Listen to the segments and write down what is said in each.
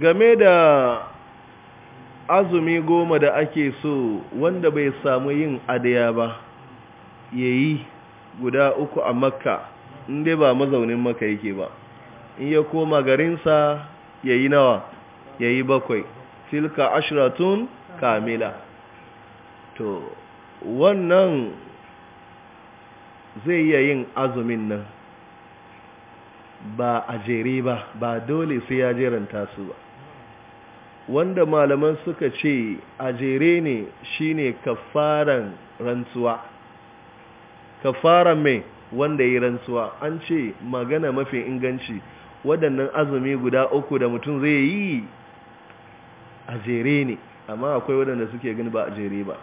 game da azumi goma da ake so wanda bai samu yin adaya ba ya yi guda uku a makka inda ba mazaunin maka yake ba in ya koma garinsa ya yi nawa ya yi bakwai tilka ashiratun kamila to wannan zai iya yin azumin nan ba a jere ba ba dole sai ya jeranta su ba wanda malaman suka ce a jere ne shi shine kafaran rantsuwa kafaran mai wanda ya rantsuwa an ce magana mafi inganci waɗannan azumi guda uku da mutum zai yi a jere ne amma akwai waɗanda suke gani ba a jere ba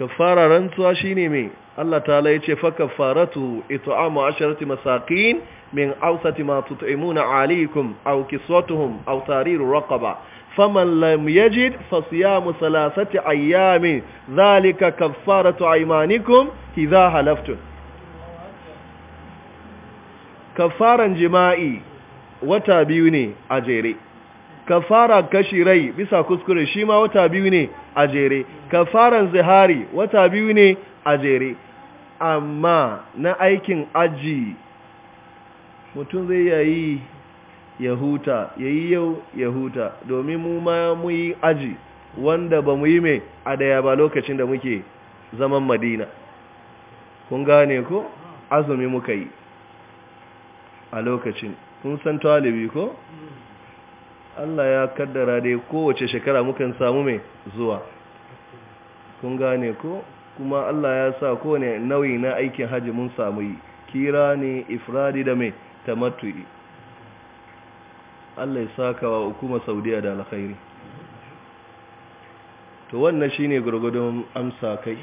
kafara rantsuwa shine mai Allah ta'ala ya ce faka faratu itu'amu asharati masakin min ausati ma tut'imuna alaikum aw kiswatuhum aw tariru raqaba faman lam yajid fasiyamu salasati ayyamin dhalika kaffaratu aymanikum idha halaftun kafaran jima'i wata biyu ne a jere kafara kashi rai bisa kuskure shi ma wata biyu ne a jere kafaran zihari wata biyu ne a jere amma na aikin aji mutum zai yayi ya huta yayi yau ya huta domin mu ma mu yi aji wanda ba mu yi mai a daya ba lokacin da muke zaman madina kun gane ko azumi muka yi a lokacin kun san talibi ko Allah ya kaddara dai kowace shekara mukan samu mai zuwa kun gane ko kuma Allah ya sa kowane nauyi na aikin hajji mun samu yi kira ne ifradi da mai tamattu'i Allah ya saka wa hukumar Saudiya da alkhairi to wannan shine gurgudun amsa kai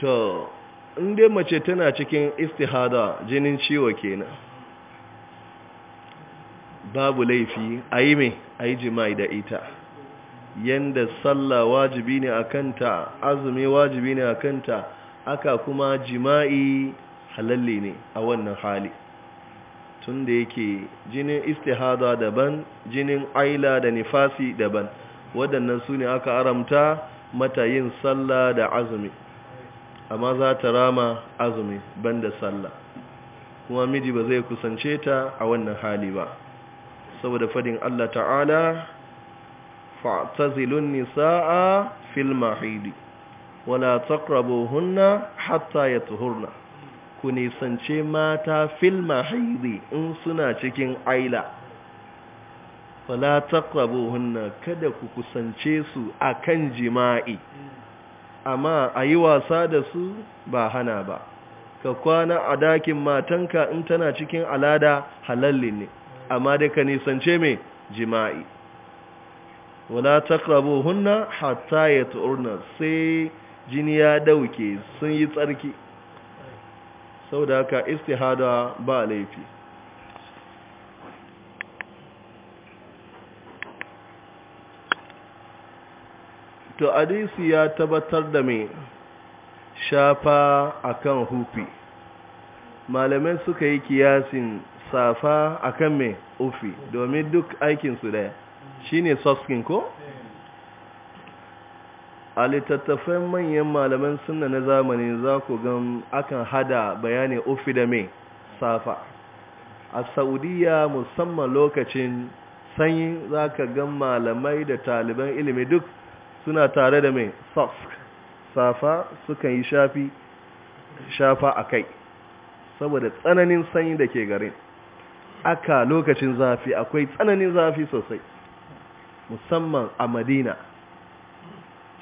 to inda mace tana cikin istihada jinin ciwo kenan babu laifi a yi mai a yi jima'i da ita yadda sallah wajibi ne a kanta azumi wajibi ne a kanta aka kuma jima'i halalle ne a wannan hali tun da yake jinin istihada daban jinin aila da nifasi daban waɗannan su ne aka aramta mata yin sallah da azumi amma za ta rama azumi banda sallah kuma miji ba zai kusance ta a wannan hali ba saboda fadin Allah ta'ala fa'tazilun nisaa fil mahidi wala taqrabuhunna hatta yatuhurna ku nisance mata fil mahidi in suna cikin aila wala taqrabuhunna kada ku kusance su akan jima'i amma ayi wasa da su ba hana ba ka kwana a dakin matanka in tana cikin alada halalle ne amma dai ka nisance mai jima'i Wana takrabu hunna hatta ya ta'urna sai jini ya dauke sun yi tsarki sau da haka istihada ba laifi to adisi ya tabbatar da mai shafa akan hufi malamai suka yi kiyasin safa akan mai ofi domin duk aikinsu daya shine soskin ko? a littattafan manyan malaman suna na zamani za ku gan akan hada bayanin ofi da mai safa a saudiya musamman lokacin sanyi za ka gan malamai da taliban ilimi duk suna tare da mai sosk safa suka yi shafi shafa a kai saboda tsananin sanyi da ke garin aka lokacin zafi akwai tsananin zafi sosai musamman a madina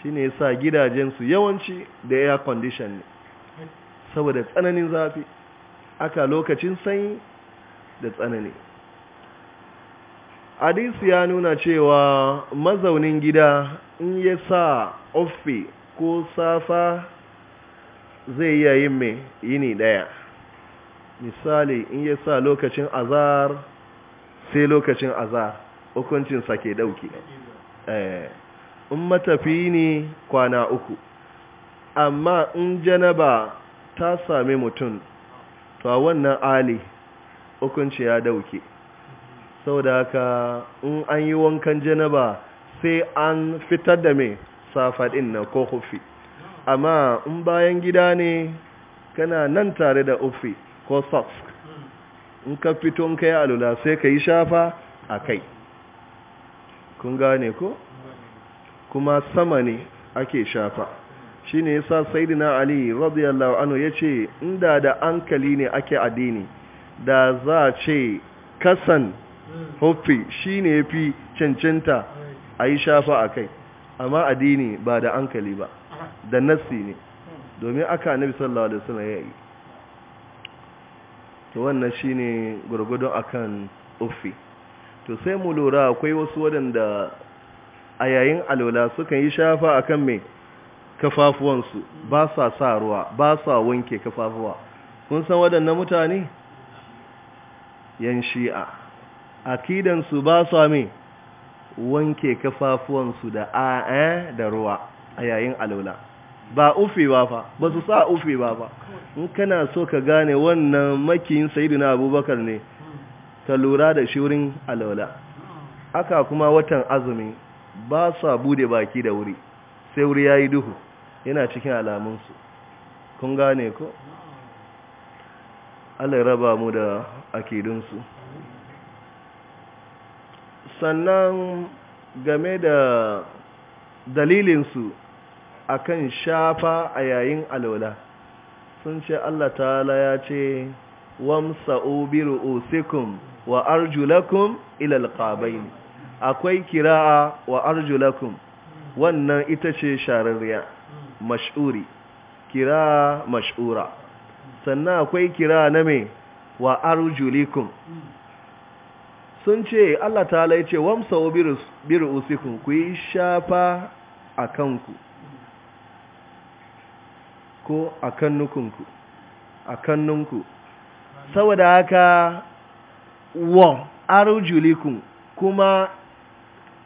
shi ne sa gidajensu yawanci da air condition ne saboda tsananin zafi aka lokacin sanyi da tsanani hadisi ya nuna cewa mazaunin gida in ya sa ofi ko safa zai yayin mai yini daya misali in ya sa lokacin azar sai lokacin azar hukuncinsa ke dauki eh, in matafi ne kwana uku amma in janaba ta sami mutum to a wannan ali hukunci ya dauke sau da haka in an yi wankan janaba sai an fitar da mai safaɗin na ko hufi amma in bayan gida ne kana nan tare da ufi. ko socks in ka fito ka yi alula sai ka yi shafa a kai kun gane ko kuma sama ne ake shafa shi ne yasa saidina ali radiyallahu anhu ya ce inda da ankali ne ake addini da za a ce kasan hufi shi ne fi cancanta a yi shafa a kai amma addini ba da ankali ba da nassi ne domin aka nabi sallallahu alaihi wasallam ya yi to wannan shine gurgudun akan uffi to sai mu lura akwai wasu waɗanda a yayin alola sukan yi shafa akan mai kafafuwansu ba sa sa ruwa ba sa wanke kafafuwa kun san waɗannan mutane yan shi'a akidansu ba sa mai wanke kafafuwansu da a'a eh, da ruwa a yayin alola ba ufewa fa ba su sa ufewa ba in kana so ka gane wannan makiyin na abubakar ne ka lura da shirin alwala aka kuma watan azumi ba sa bude baki da wuri sai wuri yayi duhu yana cikin alamunsu kun gane ko Allah raba mu da akidunsu sannan game da dalilinsu akan shafa a yayin alwala sun ce Allah ta'ala ya ce wamsa'u bi ru'usikum wa arjulakum ila alqabain akwai kira'a wa arjulakum wannan ita ce shararriya mash'uri kira'a mash'ura sannan akwai kira'a na me wa arjulikum sun ce Allah ta'ala ya ce wamsa'u bi ru'usikum ku yi shafa a kanku ko a kannukunku a kannunku saboda haka wa arjulikum kuma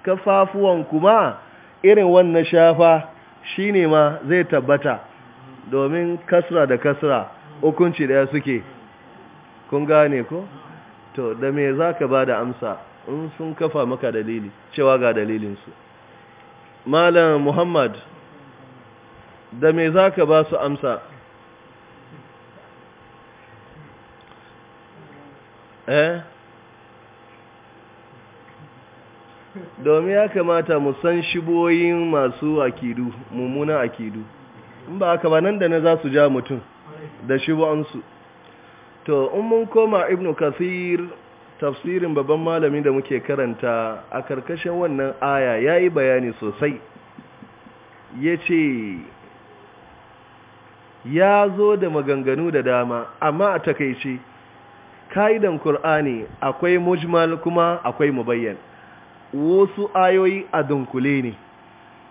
kafafuwan kuma irin wannan shafa shine ma zai tabbata domin kasra da kasra hukunci daya suke kun gane ko to da me zaka da amsa in sun kafa maka dalili cewa ga dalilinsu malam muhammad da me za ka ba su amsa eh domin ya kamata mu san shiboyin masu akidu mummuna akidu in ba haka ba nan da na za su ja mutum da shibo'ansu to in mun koma ibnu kasir tafsirin babban malami da muke karanta a karkashin wannan aya ya yi bayani sosai ya ce ya zo da maganganu da dama amma a takaice ka'idan Kur'ani akwai mujmal kuma akwai mubayyan wasu ayoyi a dunkule ne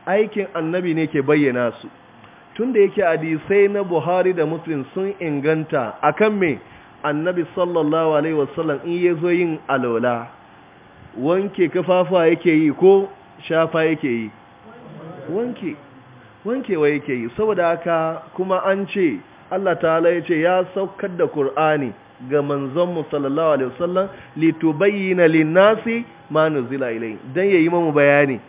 aikin annabi ne ke bayyana su tunda yake hadisi na Buhari da Muslim sun inganta akan me annabi sallallahu alaihi wasallam in yazo yin alola wanke kafafa yake yi ko shafa yake yi wanke wankewa yake yi saboda haka kuma an ce Allah ta'ala ya ce ya saukar da Kur'ani ga manzon sallallahu alaihi wasallam litubayyana lin-nasi ma nuzila ilayhi dan yayi mu bayani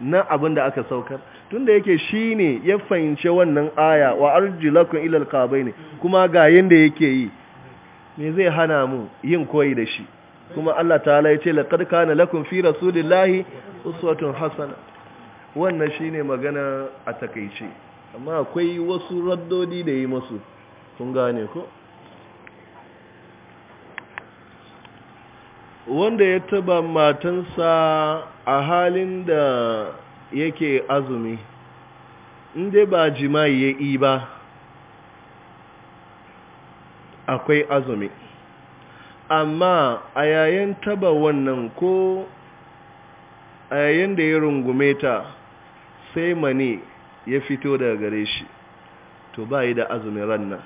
na abin da aka saukar tunda yake shine ya fahimci wannan aya wa arjulakum ilal qabaini kuma ga yanda yake yi me zai hana mu yin koyi da shi kuma Allah ta'ala ya ce laqad kana lakum fi rasulillahi uswatun hasana wannan shi ne magana a takaice amma akwai wasu raddodi da yi masu kun gane ko wanda ya taba matansa a halin da yake azumi inda ba jima'i ya yi ba akwai azumi amma a yayin taba wannan ko a yayin da ya rungume ta sai mani ya fito daga gare shi to ba yi da azumin rannan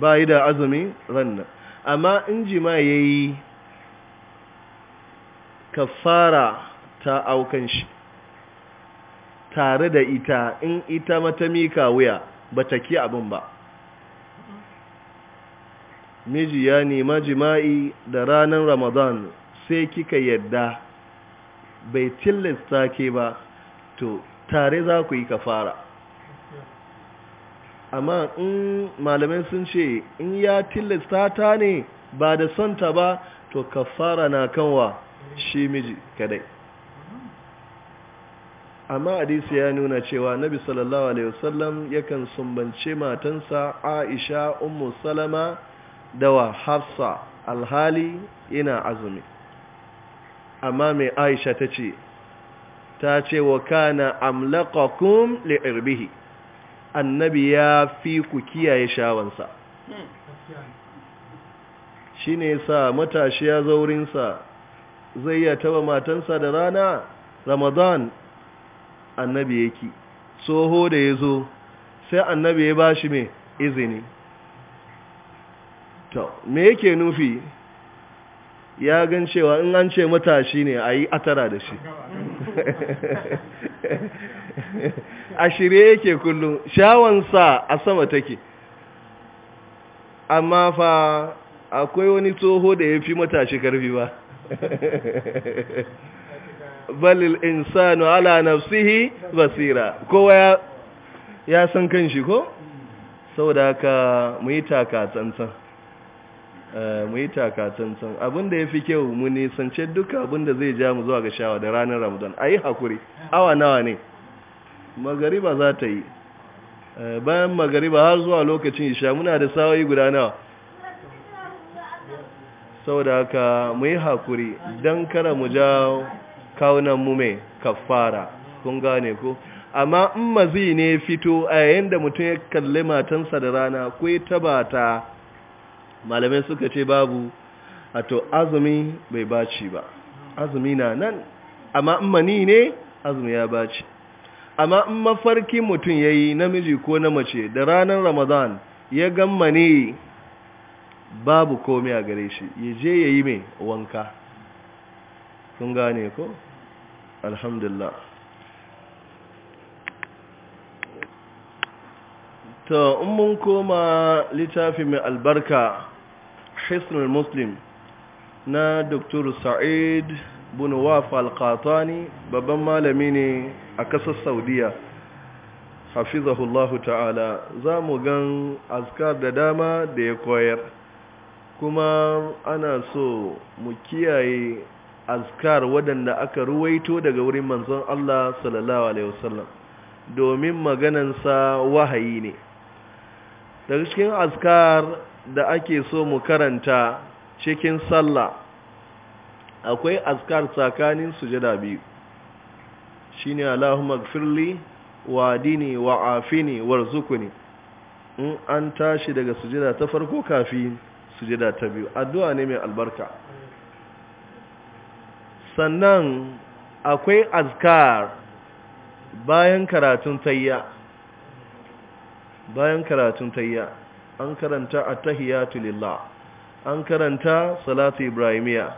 ba yi da azumin rannan amma in jima ya yi kafara ta aukan shi tare da ita in ita mata mika wuya ba ta ki abin ba miji ya nema jima'i da ranar ramadan sai kika yadda bai tilasta ke ba to tare za ku yi kafara amma in malamai sun ce in ya tilasta ta ne ba da son ta ba to kafara na kanwa shi miji kadai amma hadisi ya nuna cewa nabi sallallahu alaihi wasallam yakan sumbance matansa aisha ummu salama da wa hafsa alhali ina azumi amma mai aisha ta ce ta ce wa kana amlaqakum li'irbihi annabi ya fi ku kiyaye shawansa shine sa matashi ya zaurinsa zai iya taba matansa da rana ramadan annabi yake tsoho da ya zo sai annabi ya ba shi mai izini to me yake nufi ya gan cewa in an ce matashi ne a yi atara da shi a shirye yake kullum shawansa a sama take amma fa akwai wani tsoho da ya fi matashi karfi ba balil insanu ala nafsihi basira kowa ya san kan shi ko sau da haka mu yi taka tsantsan Eh, mu yi takatsantsan abin da ya fi kyau mu nisance duka abin da zai ja mu zuwa ga shawa da ranar ramadan a yi haƙuri awa nawa ne magariba za ta yi eh, bayan magariba har zuwa lokacin isha muna da sawayi guda nawa sau da haka mu yi haƙuri don kada mu ja kawunan mu mai kafara kun gane ko amma in mazi ne fito a yayin da mutum ya kalli matansa da rana ko ya taba ta malamai suka ce babu a to azumi bai baci ba azumi na nan amma in mani ne azumi ya baci amma in mafarki mutum ya yi namiji ko na mace da ranar ramadan ya gan mani babu komai a gare shi ya je ya yi mai wanka kun gane ko alhamdulillah ta mun koma littafi mai albarka hisnul muslim na dr sa'id bin wafa alkatani babban malami ne a ƙasar saudiya hafizahullahu ta'ala za mu gan askar da dama da ya koyar kuma ana so mu kiyaye askar waɗanda aka ruwaito daga wurin manzon Allah sallallahu alaihi wasallam domin maganansa wahayi ne daga cikin azkar da ake so mu karanta cikin sallah akwai azkar tsakanin sujada biyu shine Allahumma gfirli wa dini wa afini warzuqni in an tashi daga sujada ta farko kafin sujada ta biyu addu'a ne mai albarka sannan akwai azkar bayan karatun tayya bayan karatun tayya an karanta attahiyatu lillah an karanta salatu ibrahimiya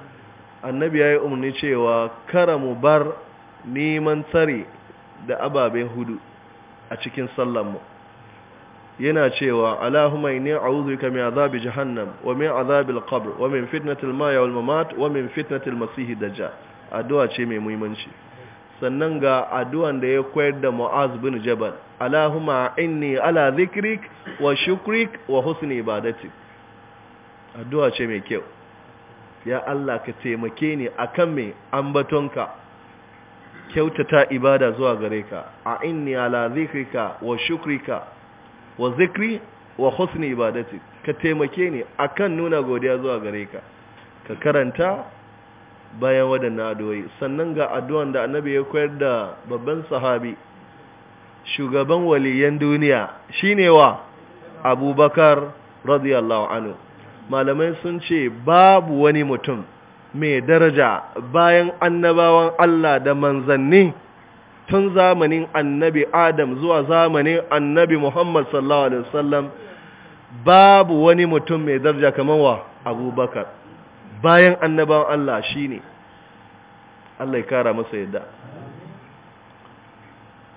annabi ya yi umarni cewa kara mu bar neman tsari da ababen hudu a cikin sallar mu yana cewa allahumma inni a'udhuka min azabi jahannam wa min azabi al-qabr wa min fitnatil maya wal mamat wa min fitnatil masih dajjal addu'a ce mai muhimmanci sannan ga addu'an da ya koyar da Mu'az bin Jabal, Allahumma inni ala zikrik wa shukrik wa husni ibadatik. Addu'a ce mai kyau, ya Allah ka taimake ni a kan mai ambatonka, kyautata ibada zuwa gare ka, a inni ala zikrika wa shukrika wa zikri wa husni ibadatik, ka taimake ni a kan nuna godiya zuwa gare ka, ka karanta bayan waɗannan addu'o'i sannan ga addu'an da annabi ya koyar da babban sahabi shugaban waliyan duniya shine wa abubakar radiyallahu anhu malamai sun ce babu wani mutum mai daraja bayan annabawan Allah da manzanni tun zamanin annabi Adam zuwa zamanin annabi Muhammad sallallahu alaihi wasallam babu wani mutum mai daraja kamar wa abubakar bayan annabawan Allah ne, Allah ya kara masa yadda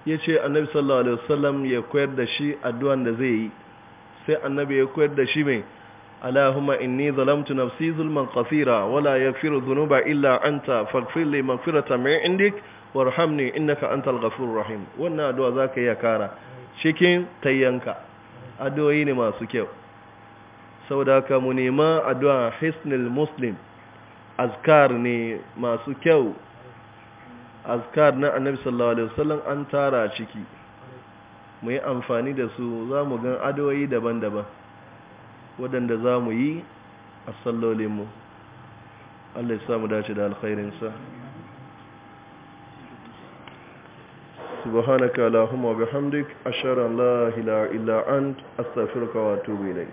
ya ce annabi sallallahu alaihi wasallam ya koyar da shi addu'an da zai yi sai annabi ya koyar da shi mai Allahumma inni zalamtu nafsi zulman qasira wala yaghfiru dhunuba illa anta faghfir li maghfiratan min indik warhamni innaka antal ghafurur rahim wannan addu'a zaka iya kara cikin tayyanka addu'o'i ne masu kyau Sauda ka mu nema addu'a Hisnil muslim azkar ne masu kyau azkar na annabi sallallahu alaihi wasallam an tara ciki mu yi amfani da su za mu gan adoyi daban-daban waɗanda za mu yi a sallolinmu allai samu dace da alkhairinsa subhanaka allahumma bihamdik ashhadu an la ilaha illa a astaghfiruka wa atubu